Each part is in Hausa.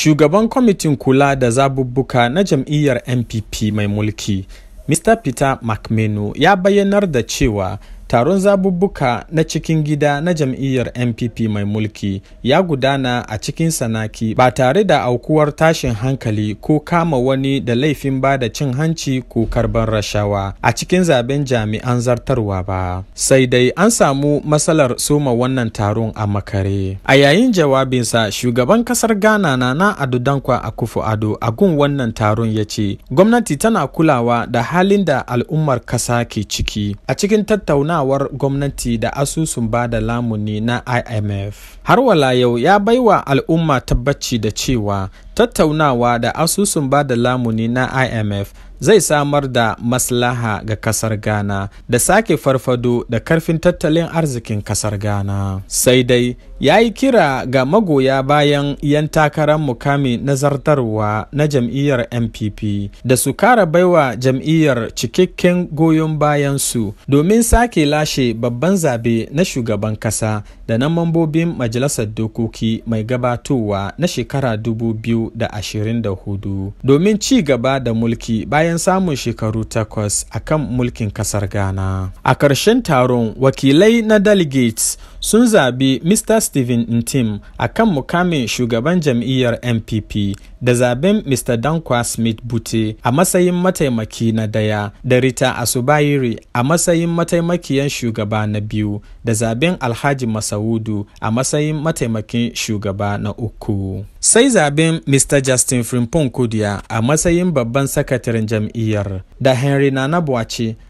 Shugaban Kwamitin Kula da Zabubbuka na jam'iyyar NPP mai mulki, Mr. Peter McMenu, ya bayyanar da cewa taron zabubbuka na cikin gida na jam'iyyar npp mai mulki ya gudana a cikin sanaki ba tare da aukuwar tashin hankali ko kama wani da laifin ba da cin hanci ko karban rashawa a cikin zaben jami'an zartarwa ba sai dai an samu matsalar soma wannan taron a makare a yayin jawabinsa shugaban kasar ghana na ado dankwa kufu ado a gun wannan taron ya ce gwamnati tana kulawa da halin da al'ummar kasa ke ciki a cikin tattauna tattaunawar gwamnati da asusun bada lamuni na IMF. Har wala yau ya baiwa al'umma tabbaci da cewa tattaunawa da asusun ba da lamuni na imf zai samar da maslaha ga kasar ghana da sake farfado da karfin tattalin arzikin kasar ghana sai dai ya yi kira ga magoya bayan 'yan takarar mukami na zartarwa na jam'iyyar mpp da su kara baiwa jam'iyyar cikakken goyon bayan su domin sake lashe babban zabe na shugaban kasa da na mambobin majalisar dokoki mai gabatowa na shekara dubu biyu. da da ashirin hudu. domin ci gaba da mulki bayan samun shekaru takwas a kan mulkin kasar Ghana. A ƙarshen taron wakilai na delegates sun zabi Mr. Steven Ntim a kan mukamin shugaban jam'iyyar NPP, da zaben Mr. Dankwa Smith Bute a matsayin mataimaki na daya da Rita asubairi a matsayin mataimakiyan shugaba na biyu da zaben Alhaji Masaudu a matsayin mataimakin shugaba na uku. Sai zaben Mr. Justin Frimpong Kudiya a matsayin babban sakataren jam'iyyar da Henry Nana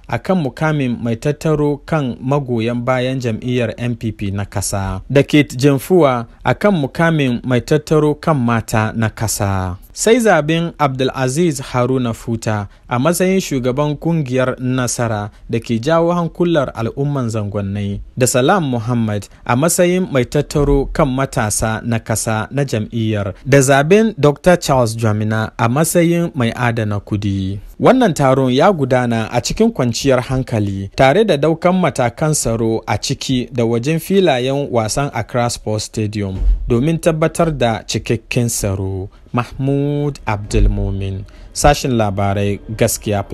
a kan mukamin mai tattaro kan magoyan bayan jam'iyyar npp na kasa da kate jamfuwa a kan mukamin mai tattaro kan mata na kasa sai zaben abdulaziz haruna futa a matsayin shugaban kungiyar nasara da ke jawo hankular al'umman zangonnai da salam muhammad a matsayin mai tattaro kan matasa na kasa na jam'iyyar da zaben dr charles jamina a matsayin mai adana kudi wannan taron ya gudana a cikin kwanciyar kwanciyar hankali tare da daukan matakan tsaro a ciki da wajen filayen wasan Accra Sports Stadium domin tabbatar da cikakken tsaro. Mahmud Abdulmumin, sashin labarai gaskiya